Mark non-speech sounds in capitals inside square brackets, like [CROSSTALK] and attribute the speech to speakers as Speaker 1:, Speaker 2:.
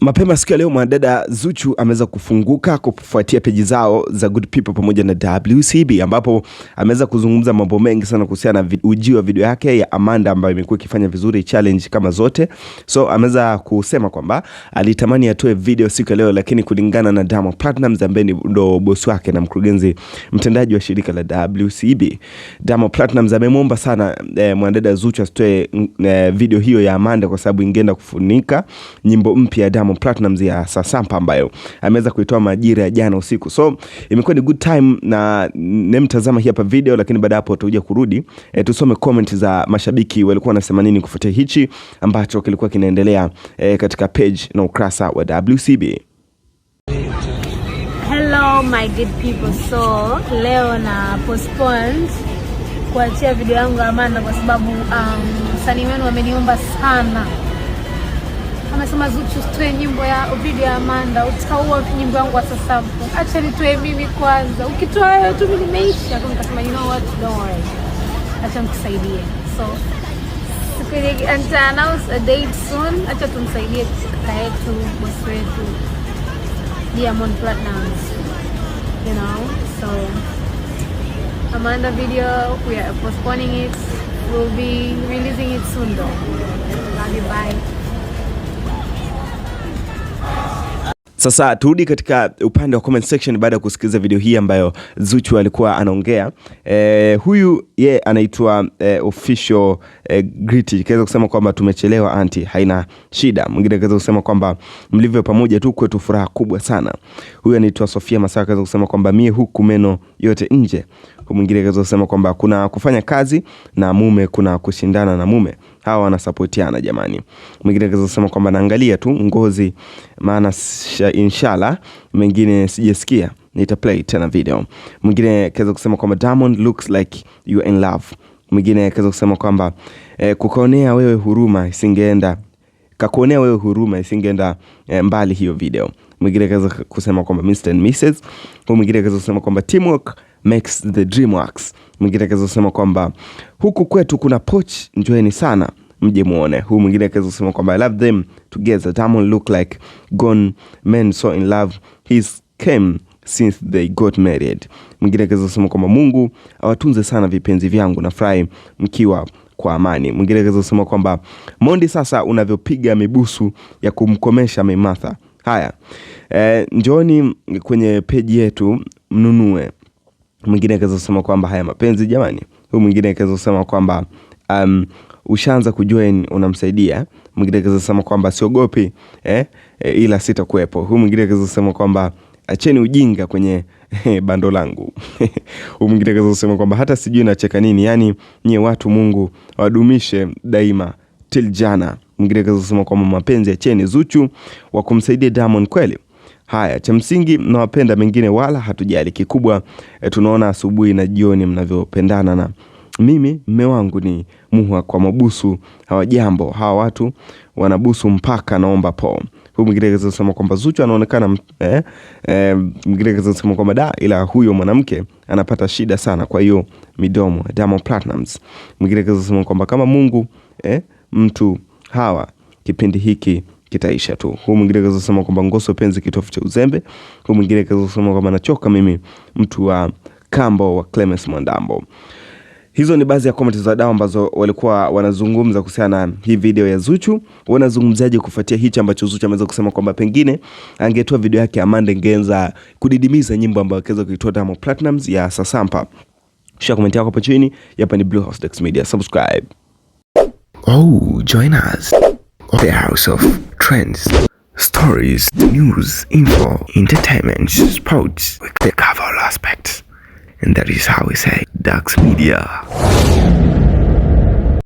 Speaker 1: Mapema siku ya leo mwanadada Zuchu ameweza kufunguka kufuatia peji zao za Good People pamoja na WCB, ambapo ameweza kuzungumza mambo mengi sana kuhusiana na ujio wa video yake ya Amanda ambayo imekuwa ikifanya vizuri challenge kama zote. So ameweza kusema kwamba alitamani atoe video siku ya leo, lakini kulingana na Diamond Platnumz ambaye ndo bosi wake na mkurugenzi mtendaji wa shirika la WCB, Diamond Platnumz amemwomba sana eh, mwanadada Zuchu asitoe eh, video hiyo ya Amanda kwa sababu ingeenda kufunika nyimbo mpya ya Diamond Platinumz ya Sasampa ambayo ameweza kuitoa majira ya jana usiku. So imekuwa ni good time na nemtazama hii hapa video, lakini baada hapo tutakuja kurudi e, tusome comment za mashabiki walikuwa wanasema nini kufuatia hichi ambacho kilikuwa kinaendelea e, katika page na ukurasa wa WCB.
Speaker 2: Hello my good people. So leo na postpone kuachia video yangu Amanda kwa sababu um, msanii wenu sana anasema Zuchu usitoe nyimbo ya Ovidio ya Amanda, utikaua nyimbo yangu Wasasampu, acha nitoe mimi kwanza, ukitoa wewe tu nimeisha. Nikasema you know what, don't worry, acha mtusaidie. So nita announce a date soon, acha tumsaidie kaka yetu, bosi wetu Diamond Platnumz, you know. So Amanda video, we are postponing it, we'll be releasing it soon though. Love you, bye.
Speaker 1: Sasa turudi katika upande wa comment section baada ya kusikiliza video hii ambayo Zuchu alikuwa anaongea. E, huyu ye anaitwa e, official e, eh, Gritty kaweza kusema kwamba tumechelewa anti, haina shida. Mwingine kaweza kusema kwamba mlivyo pamoja tu kwetu furaha kubwa sana. Huyu anaitwa Sofia Masaka kaweza kusema kwamba mie huku meno yote nje. Mwingine kaweza kusema kwamba kuna kufanya kazi na mume, kuna kushindana na mume hawa wanasapotiana jamani. Mwingine kaza kusema kwamba naangalia tu ngozi, maana inshallah mengine sijasikia nita play tena video. Mwingine kaza kusema kwamba Diamond looks like you in love. Mwingine kaza kusema kwamba eh, kukaonea wewe huruma isingeenda kakuonea wewe huruma isingeenda eh, mbali hiyo video. Mwingine kaza kusema kwamba Mr and Mrs. Mwingine kaza kusema kwamba teamwork makes the dream works. Mwingine akaweza kusema kwamba huku kwetu kuna poch, njoeni sana mje muone. Huyu mwingine akaweza kusema kwamba I love them together, Diamond look like gone men so in love he's came since they got married. Mwingine akaweza kusema kwamba Mungu awatunze sana vipenzi vyangu, nafurahi mkiwa kwa amani. Mwingine akaweza kusema kwamba Mondi, sasa unavyopiga mibusu ya kumkomesha Maimartha. Haya, e, eh, njoni kwenye peji yetu mnunue mwingine akaweza kusema kwamba haya mapenzi jamani, huyu mwingine akaweza kusema kwamba um, ushaanza kujoin unamsaidia. Mwingine akaweza kusema kwamba siogopi eh, eh, ila sitakuwepo. Huyu mwingine akaweza kusema kwamba acheni ujinga kwenye eh, bando langu. [LAUGHS] Huyu mwingine akaweza kusema kwamba hata sijui nacheka nini, yani nyie watu Mungu wadumishe daima till jana. Mwingine akaweza kusema kwamba mapenzi acheni. Zuchu wa kumsaidia Diamond kweli Haya, cha msingi mnawapenda, mengine wala hatujali. Kikubwa e, tunaona asubuhi na jioni mnavyopendana na mimi mme wangu ni muhwa kwa mabusu hawa. Jambo hawa watu wanabusu mpaka naomba po. Huyu mwingine kaza sema kwamba Zuchu anaonekana eh, eh, mwingine kaza sema kwamba da, ila huyo mwanamke anapata shida sana kwa hiyo midomo Diamond Platnumz. Mwingine kaza sema kwamba kama Mungu eh, mtu hawa kipindi hiki kitaisha tu. Huyu mwingine kaweza kusema kwamba ngoso penzi kitofu cha uzembe. Huyu mwingine kaweza kusema kwamba nachoka mimi mtu wa kambo wa Clemens Mwandambo. Hizo ni baadhi ya comments za wadau ambazo walikuwa wanazungumza kuhusiana na hii video ya Zuchu. Wanazungumzaje kufuatia hichi ambacho Zuchu ameweza kusema kwamba pengine angetoa video yake Amanda Ngenza kudidimiza nyimbo ambayo akaweza kuitoa Diamond Platnumz ya Sasampa. Shia komenti yako hapo chini. Hapa ni Blue House Dax Media. Subscribe. Oh, join us. The House of trends, stories, news, info, entertainment, sports. We cover all aspects. And that is how we say Dax Media.